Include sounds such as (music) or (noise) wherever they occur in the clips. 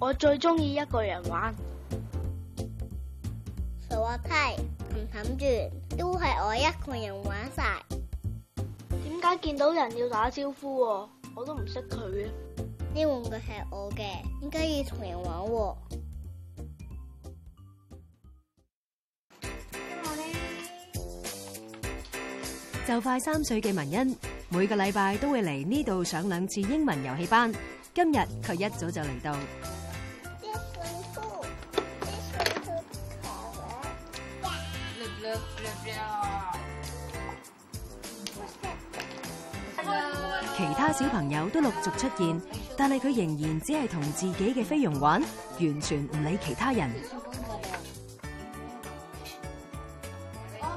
我最中意一個人玩，滑梯、氹氹轉都係我一個人玩晒。點解見到人要打招呼？我都唔識佢。呢玩具係我嘅，點解要同人玩？就快三歲嘅文茵，每個禮拜都會嚟呢度上兩次英文遊戲班。今日佢一早就嚟到。其他小朋友都陸續出現，但係佢仍然只係同自己嘅菲傭玩，完全唔理其他人。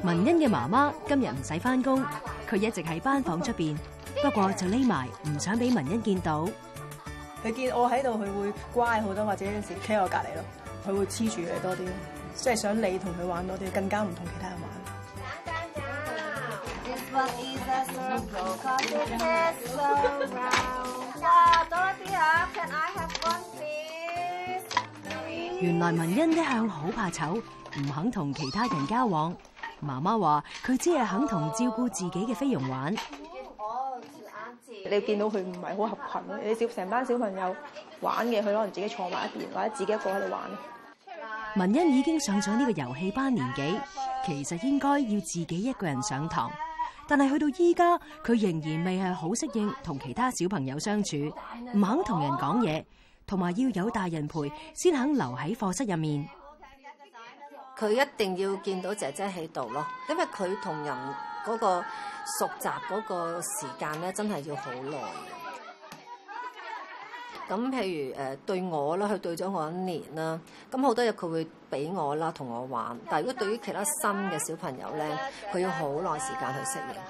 文茵嘅媽媽今日唔使翻工，佢一直喺班房出邊，不過就匿埋，唔想俾文茵見到。佢見我喺度，佢會乖好多，或者有時企我隔籬咯，佢會黐住你多啲。即係想你同佢玩多啲，我更加唔同其他人玩。原來文茵一向好怕醜，唔肯同其他人交往。媽媽話佢只係肯同照顧自己嘅菲傭玩。哦，冷你見到佢唔係好合群，你小成班小朋友玩嘅，佢可能自己坐埋一邊，或者自己一個喺度玩。文茵已經上咗呢個遊戲班年紀，其實應該要自己一個人上堂，但係去到依家，佢仍然未係好適應同其他小朋友相處，唔肯同人講嘢，同埋要有大人陪先肯留喺課室入面。佢一定要見到姐姐喺度咯，因為佢同人嗰個熟習嗰個時間咧，真係要好耐。咁譬如誒對我啦，佢對咗我一年啦，咁好多嘢佢會俾我啦，同我玩。但係如果對於其他新嘅小朋友咧，佢要好耐時間去適應。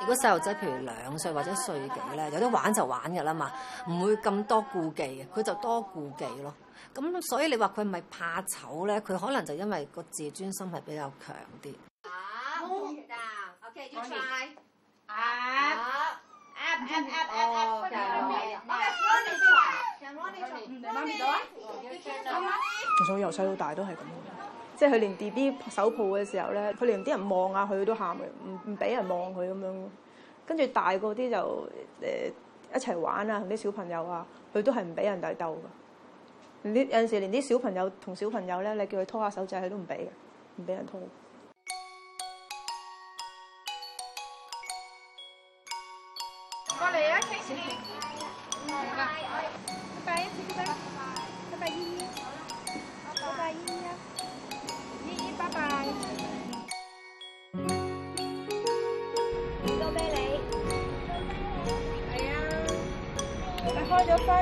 如果細路仔譬如兩歲或者歲幾咧，有得玩就玩㗎啦嘛，唔會咁多顧忌嘅，佢就多顧忌咯。咁所以你話佢咪怕醜咧，佢可能就因為個自尊心係比較強啲。好 OK j o 哦，其實由細到大都係咁，即係佢連 B B 手抱嘅時候咧，佢連啲人望下佢都喊嘅，唔唔俾人望佢咁樣。跟住大個啲就一齊玩啊，同啲小朋友啊，佢都係唔俾人哋鬥㗎。有陣時連啲小朋友同小朋友咧，你叫佢拖下手仔，佢都唔俾嘅，唔俾人拖。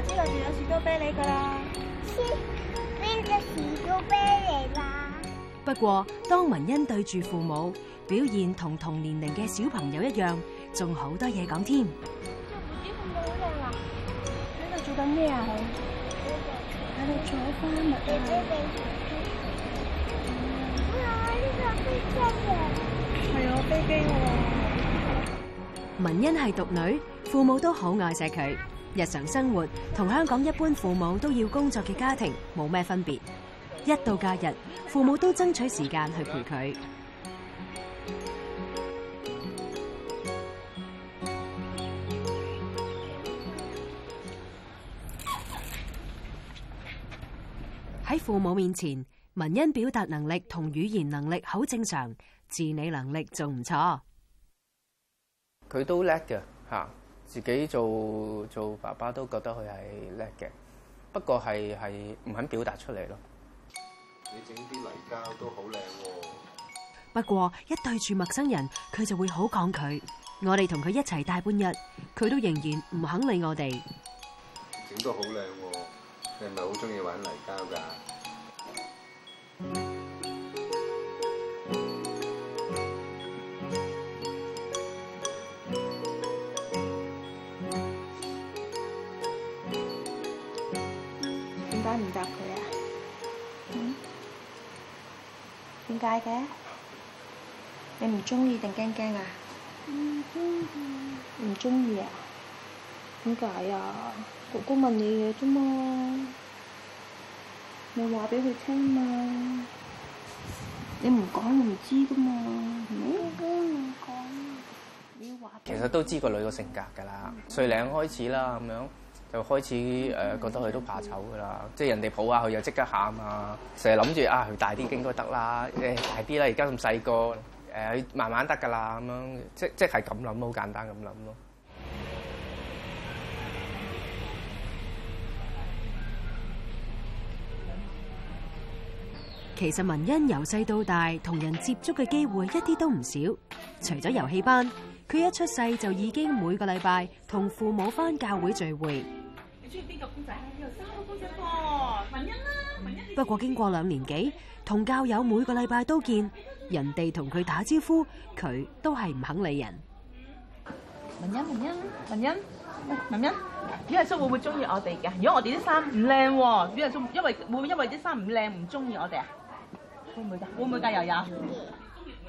呢個仲有士多啤梨噶啦，呢隻士多啤梨啦？不過當文茵對住父母，表現同同年齡嘅小朋友一樣，仲好多嘢講添。這個、啊！喺度做緊咩啊？喺度採花蜜啊！係啊，寶寶啊，文茵係獨女，父母都好愛錫佢。日常生活同香港一般，父母都要工作嘅家庭冇咩分別。一到假日，父母都爭取時間去陪佢。喺父母面前，文茵表達能力同語言能力好正常，自理能力仲唔錯。佢都叻嘅吓。.自己做做爸爸都覺得佢係叻嘅，不過係係唔肯表達出嚟咯。你整啲泥膠都好靚喎，不過一對住陌生人，佢就會好抗拒。我哋同佢一齊大半日，佢都仍然唔肯理我哋。整到好靚喎，你係咪好中意玩泥膠噶？唔答佢啊？點解嘅？你唔中意定驚驚啊？唔中意啊？點解啊，啊？哥哥問你嘢啫嘛，你話俾佢聽嘛，你唔講我唔知噶嘛，唔好唔好講，你話。其實都知個女個性格噶啦，歲零、嗯、開始啦咁樣。係咪又開始誒、呃、覺得佢都怕醜噶啦，即係人哋抱下佢又即刻喊啊！成日諗住啊，佢、欸、大啲應該得啦，誒大啲啦，而家咁細個誒慢慢得噶啦，咁樣即即係咁諗，好簡單咁諗咯。其實文茵由細到大同人接觸嘅機會一啲都唔少，除咗遊戲班，佢一出世就已經每個禮拜同父母返教會聚會。不過經過兩年幾，同教友每個禮拜都見，人哋同佢打招呼，佢都係唔肯理人。文欣、文欣、文欣、文欣，表叔會唔會中意我哋嘅？如果我哋啲衫唔靚，表叔因為會唔會因為啲衫唔靚唔中意我哋啊？會唔會噶？會唔會噶？又有？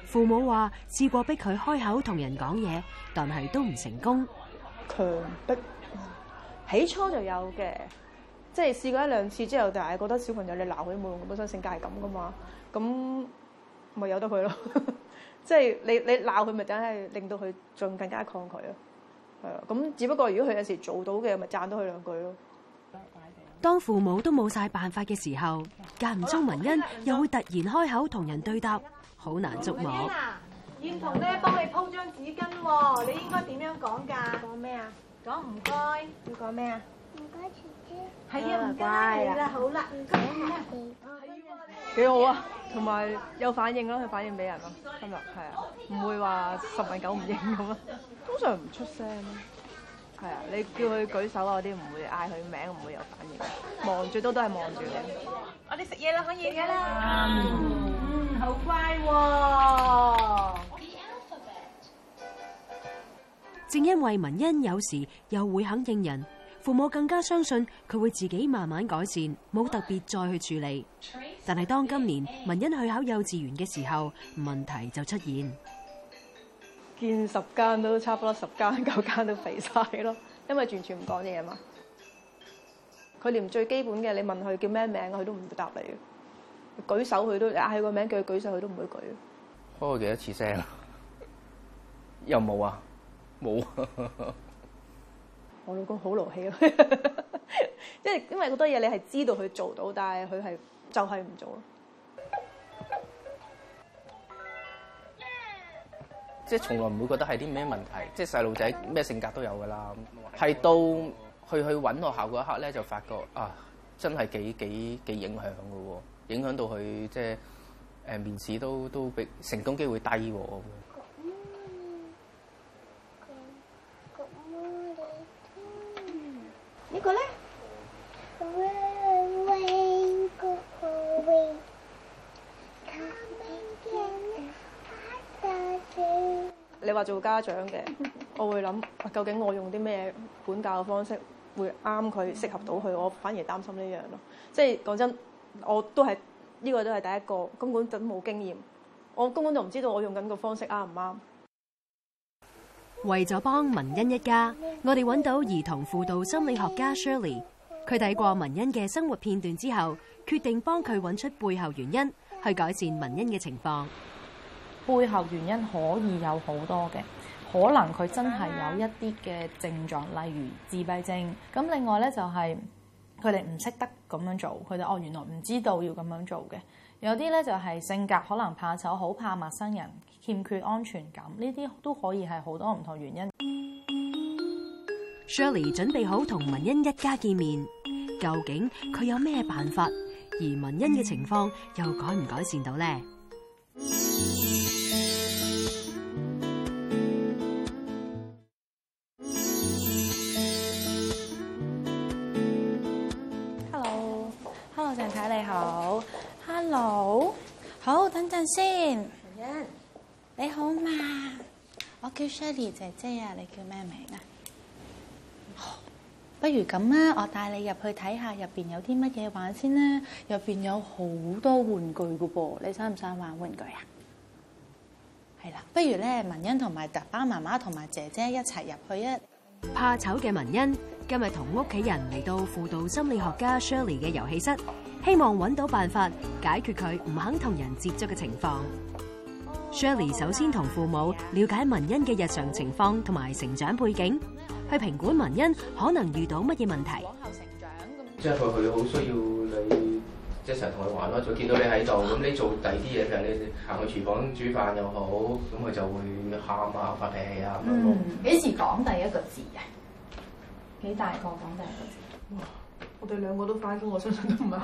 父母話試過逼佢開口同人講嘢，但係都唔成功。強逼。起初就有嘅，即係試過一兩次之後，但係覺得小朋友你鬧佢冇用，本身性格係咁㗎嘛，咁咪由得佢咯。即係你你鬧佢，咪真係令到佢仲更加抗拒咯。係啊，咁只不過如果佢有時做到嘅，咪讚多佢兩句咯。當父母都冇晒辦法嘅時候，間唔中文茵又會突然開口同人對答，好難捉摸。文茵啊，幫你鋪張紙巾喎，你應該點樣講㗎？講咩啊？講唔該，要講咩啊？唔該，姐姐。係啊，唔該，係啦，好啦。唔該，係。幾好啊，同埋有反應咯，佢反應俾人咯，今日係啊，唔會話十問九唔應咁啊。通常唔出聲咯，係啊，你叫佢舉手啊，啲唔會嗌佢名，唔會有反應，望最多都係望住你。我哋食嘢啦，可以嘅啦。嗯，好乖。正因為文欣有時又會肯應人，父母更加相信佢會自己慢慢改善，冇特別再去處理。但係當今年文欣去考幼稚園嘅時候，問題就出現。見十間都差唔多十間，十間九間都肥晒咯，因為完全唔講嘢嘛。佢連最基本嘅，你問佢叫咩名，佢都唔會答你的。舉手佢都嗌個名叫佢舉手，佢都唔會舉的。開過幾多次聲？ (laughs) 又沒有冇啊？冇，沒 (laughs) 我老公好勞氣啊。因為因為好多嘢你係知道佢做到，但係佢係就係唔做咯。 (music) 即係從來唔會覺得係啲咩問題，即係細路仔咩性格都有噶啦。係 (music) 到去去揾學校嗰一刻咧，就發覺啊，真係幾幾幾影響噶喎，影響到佢即係誒、呃、面試都都比成功機會低喎。做家長嘅，我會諗究竟我用啲咩管教嘅方式會啱佢，適合到佢。我反而擔心呢樣咯。即係講真，我都係，呢個都係第一個，根本就冇經驗。我根本就唔知道我用緊個方式啱唔啱。為咗幫文茵一家，我哋揾到兒童輔導心理學家 Shirley。佢睇過文茵嘅生活片段之後，決定幫佢揾出背後原因，去改善文茵嘅情況。背後原因可以有好多嘅，可能佢真係有一啲嘅症狀，例如自閉症。咁另外咧就係佢哋唔識得咁樣做，佢哋哦，原來唔知道要咁樣做嘅。有啲咧就係性格可能怕醜，好怕陌生人，欠缺安全感，呢啲都可以係好多唔同的原因。Shirley 準備好同文茵一家見面，究竟佢有咩辦法？而文茵嘅情況又改唔改善到咧？睇，你好，Hello, Hello? 好，等陣先。文茵，你好嘛？我叫 Shelly 姐姐啊，你叫咩名啊？不如咁啦，我帶你入去睇下入邊有啲乜嘢玩先啦。入邊有好多玩具噶噃，你想唔想玩玩具啊？係啦，不如咧，文茵同埋爸爸、媽媽同埋姐姐一齊入去啊。怕醜嘅文茵今日同屋企人嚟到輔導心理學家 Shelly 嘅遊戲室。希望揾到辦法解決佢唔肯同人接觸嘅情況。Shirley 首先同父母了解文茵嘅日常情況同埋成長背景，去評估文茵可能遇到乜嘢問題。即係佢佢好需要你一齊同佢玩咯，就見到你喺度，咁你做第二啲嘢就係你行去廚房煮飯又好，咁佢就會喊啊發脾氣啊咁咯。嗯，幾時講第一個字啊？幾大個講第一個字？我哋兩個都翻工，我相信都唔係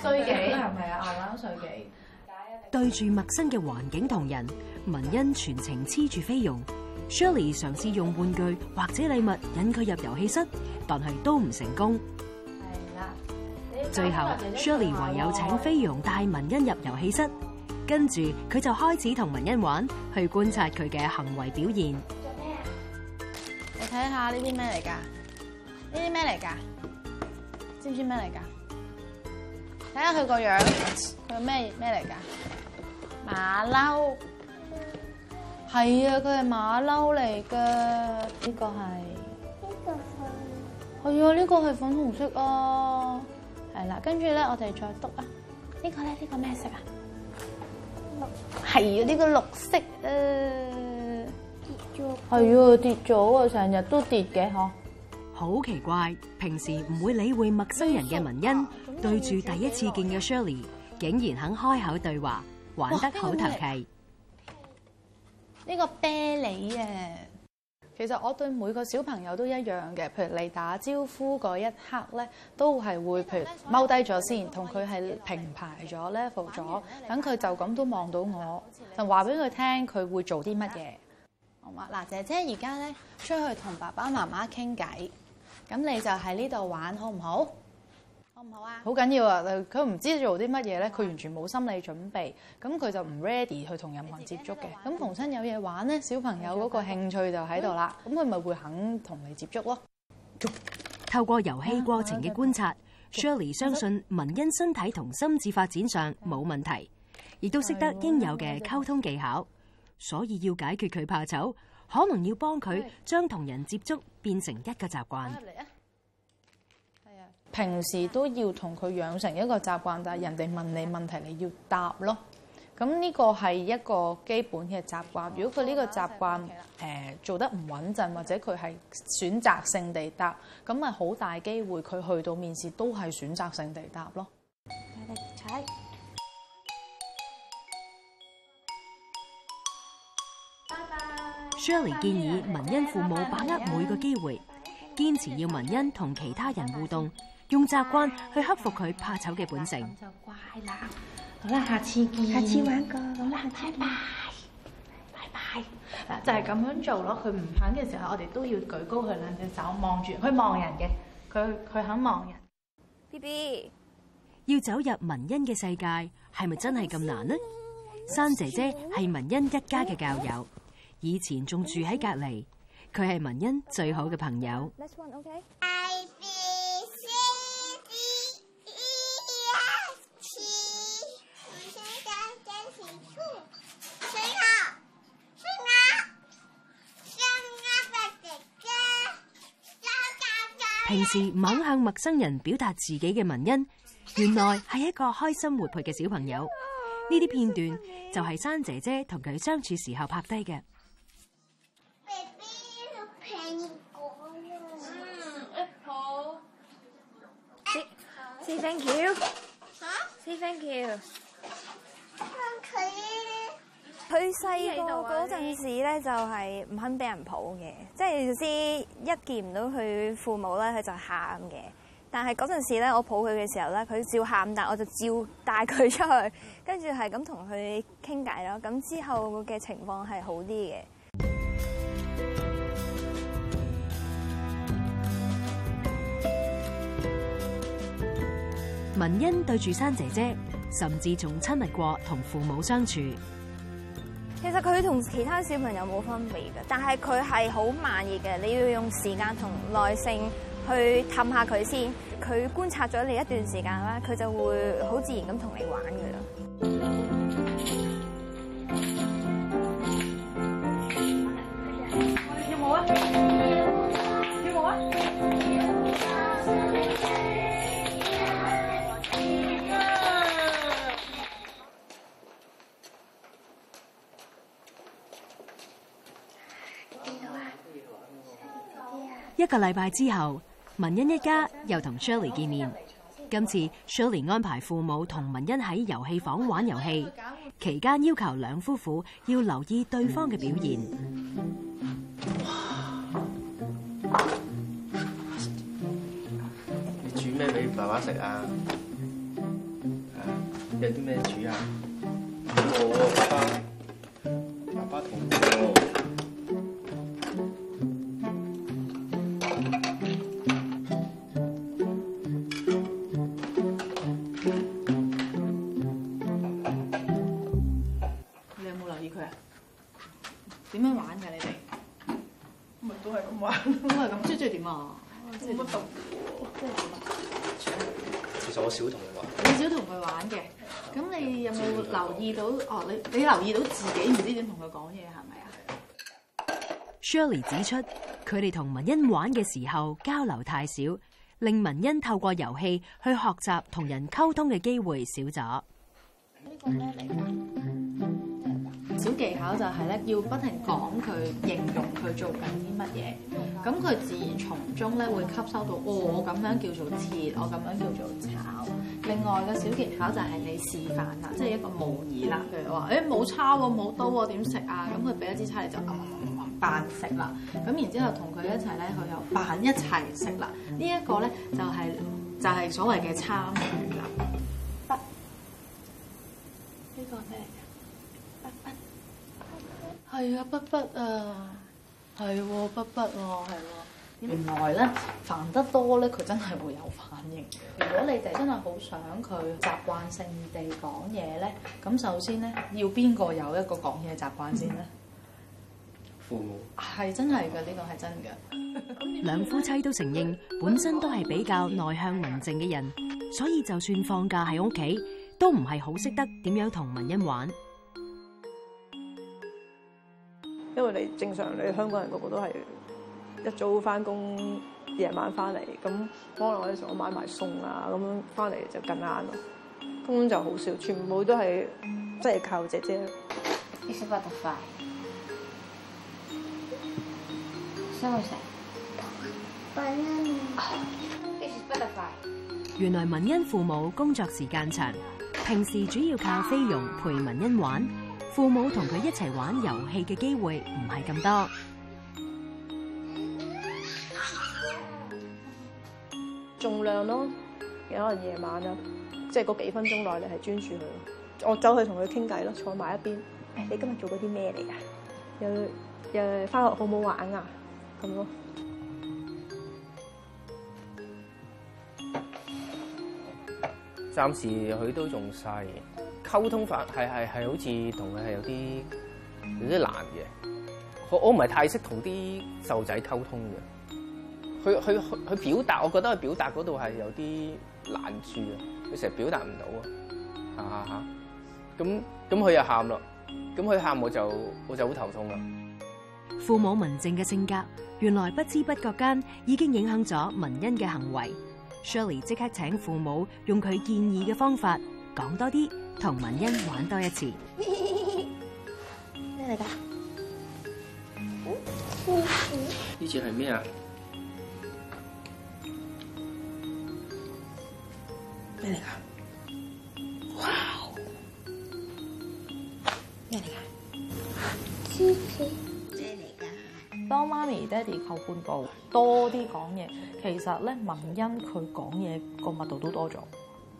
衰幾，係咪啊？啱啱衰幾？對住陌生嘅環境同人，文茵全程黐住菲傭，Shirley 嘗試用玩具或者禮物引佢入遊戲室，但係都唔成功。係啦。最後，Shirley 唯有請菲傭帶文茵入遊戲室，跟住佢就開始同文茵玩，去觀察佢嘅行為表現。做咩啊？你睇下呢啲咩嚟噶？呢啲咩嚟噶？知唔知咩嚟噶？睇下佢個樣，佢咩咩嚟噶？馬騮，係、嗯、啊，佢係馬騮嚟嘅。呢、呢個係個係啊，呢、呢個係粉紅色啊。係啦、啊，跟住咧，我哋再篤啊。呢個、呢、呢個咧，呢個咩色啊？綠色，係啊，呢、呢個綠色啊。跌咗係啊，跌咗啊，成日都跌嘅嗬。好奇怪，平時唔會理會陌生人嘅文茵，對住第一次見嘅 Shirley，竟然肯開口對話，玩得好投契。呢個啤梨啊，其實我對每個小朋友都一樣嘅，譬如你打招呼嗰一刻咧，都係會譬如踎低咗先，同佢係平排咗 level 咗，等佢就咁都望到我，就話俾佢聽佢會做啲乜嘢。好嘛，嗱，姐姐而家咧出去同爸爸媽媽傾偈。咁你就喺呢度玩好唔好？好唔好啊？好緊要啊！佢唔知做啲乜嘢咧，佢完全冇心理準備，咁佢就唔 ready 去同任何人接觸嘅。咁逢親有嘢玩咧，小朋友嗰個興趣就喺度啦，咁佢咪會肯同你接觸咯。透過遊戲過程嘅觀察，啊哎哎、Shirley 相信文茵身體同心智發展上冇問題，亦、哎、呀都識得應有嘅溝通技巧，所以要解決佢怕醜。可能要幫佢將同人接觸變成一個習慣。係啊，平時都要同佢養成一個習慣，但係人哋問你問題，你要答咯。咁呢個係一個基本嘅習慣。如果佢呢個習慣誒做得唔穩陣，或者佢係選擇性地答，咁咪好大機會佢去到面試都係選擇性地答咯。踩。Jelly 建議文茵父母把握每個機會，堅持要文茵同其他人互動，用習慣去克服佢怕醜嘅本性。就乖啦，好啦，下次見。下次玩過，好啦，拜拜，拜拜。嗱，就係咁樣做咯。佢唔肯嘅時候，我哋都要舉高佢兩隻手，望住佢望人嘅，佢佢肯望人。B B，要走入文茵嘅世界，係咪真係咁難呢？珊姐姐係文茵一家嘅教友。以前仲住喺隔籬，佢係文茵最好嘅朋友。平時猛向陌生人表達自己嘅文茵，原來係一個開心活潑嘅小朋友。呢啲片段就係珊姐姐同佢相處時候拍低嘅。Thank you。嚇？Say thank you。佢細個嗰陣時咧，就係唔肯俾人抱嘅，即係知一見唔到佢父母咧，佢就喊嘅。但係嗰陣時咧，我抱佢嘅時候咧，佢照喊，但我就照帶佢出去，跟住係咁同佢傾偈咯。咁之後嘅情況係好啲嘅。文茵對住山姐姐，甚至仲親密過同父母相處。其實佢同其他小朋友冇分別嘅，但係佢係好慢熱嘅，你要用時間同耐性去氹下佢先。佢觀察咗你一段時間啦，佢就會好自然咁同你玩㗎啦。一個禮拜之後，文茵一家又同 Shirley 見面。今次 Shirley 安排父母同文茵喺遊戲房玩遊戲，期間要求兩夫婦要留意對方嘅表現。你煮咩俾爸爸食啊？有啲咩煮啊？好，爸爸同爸爸我。嘛，乜、哦、其實我少同佢玩，你少同佢玩嘅。咁你有冇留意到？哦，你你留意到自己唔知點同佢講嘢係咪啊？Shirley 指出，佢哋同文茵玩嘅時候交流太少，令文茵透過遊戲去學習同人溝通嘅機會少咗。呢個咩嚟㗎？小技巧就係咧，要不停講佢，形容佢做緊啲乜嘢。咁佢自然從中呢會吸收到，哦，我咁樣叫做切，我咁樣叫做炒。另外個小技巧就係你試飯示範啦，即係一個模擬啦。佢哋話，誒，冇叉喎，冇刀喎，點食呀？」咁佢畀一支叉你就，扮食啦。咁然之後同佢一齊呢，佢又扮一齊食啦。呢一個呢，就係就係所謂嘅參與啦。筆，呢個咩？筆筆，係啊，筆筆啊。係喎、啊，不不喎，係喎、啊。原來咧，煩得多咧，佢真係會有反應。如果你哋真係好想佢習慣性地講嘢咧，咁首先咧，要邊個有一個講嘢習慣先咧？父母係真係嘅，呢、這個係真嘅。 (laughs) 兩夫妻都承認，本身都係比較內向文靜嘅人，所以就算放假喺屋企，都唔係好識得點樣同文茵玩。因為你正常你香港人個個都係一早翻工，夜晚翻嚟，咁可能嗰陣時我買埋餸啊，咁樣翻嚟就更啱咯。根本就好少，全部都係即係靠姐姐。e 原來文茵父母工作時間長，平時主要靠菲傭陪文茵玩。父母同佢一齊玩遊戲嘅機會唔係咁多，重量咯，有可能夜晚啊，即係嗰幾分鐘內你係專注佢，我走去同佢傾偈咯，坐埋一邊，誒、哎，你今日做咗啲咩嚟啊？又又翻學好唔好玩啊？咁咯，暫時佢都仲細。溝通法係係係好似同佢係有啲有啲難嘅，我我唔係太識同啲細仔溝通嘅。佢佢佢表達，我覺得佢表達嗰度係有啲難處他啊。佢成日表達唔到啊，嚇嚇嚇咁咁佢又喊咯，咁佢喊我就我就好頭痛啊。父母文靜嘅性格，原來不知不覺間已經影響咗文茵嘅行為。Shirley 即刻請父母用佢建議嘅方法講多啲。同文茵玩多一次。咩嚟噶？呢次係咩啊？咩嚟噶？哇！咩咩嚟噶？當媽咪、爹哋靠半告多啲講嘢，其實咧文茵佢講嘢個密度都多咗。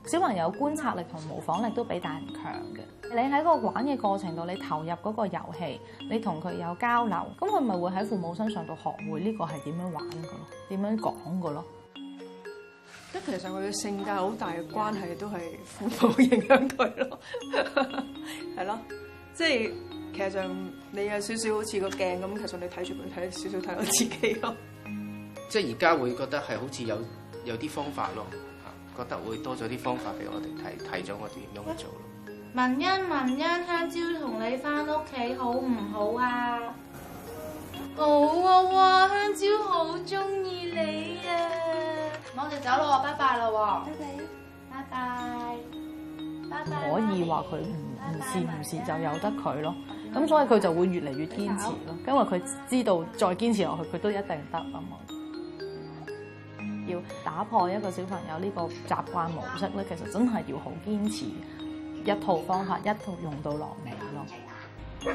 小朋友觀察力同模仿力都比大人強嘅。你喺嗰個玩嘅過程度，你投入嗰個遊戲，你同佢有交流，咁佢咪會喺父母身上度學會呢個係點樣玩嘅咯，點樣講嘅咯？即係其實佢嘅性格好大嘅關係都係父母影響佢咯，係 (laughs) 咯，即係其實上你有少少好似個鏡咁，其實你睇住佢，睇少少睇到自己咯。即係而家會覺得係好似有有啲方法咯。覺得會多咗啲方法俾我哋睇，睇咗我哋點樣去做咯、嗯。文茵文茵，香蕉同你返屋企好唔好啊？嗯、好啊，香蕉好中意你啊！嗯、我哋走咯，拜拜咯。拜拜拜拜。唔拜可以話佢唔唔試唔試就由得佢咯，咁、嗯、所以佢就會越嚟越堅持咯，因為佢知道再堅持落去佢都一定得啊嘛。要打破一個小朋友呢個習慣模式咧，其實真係要好堅持一套方法，一套用到落尾咯。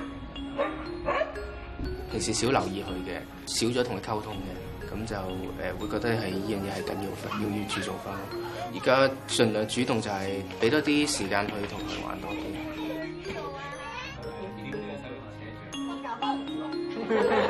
平時少留意佢嘅，少咗同佢溝通嘅，咁就誒、呃、會覺得係呢樣嘢係緊要嘅，要注重翻。而家儘量主動就係俾多啲時間去同佢玩多啲。嗯。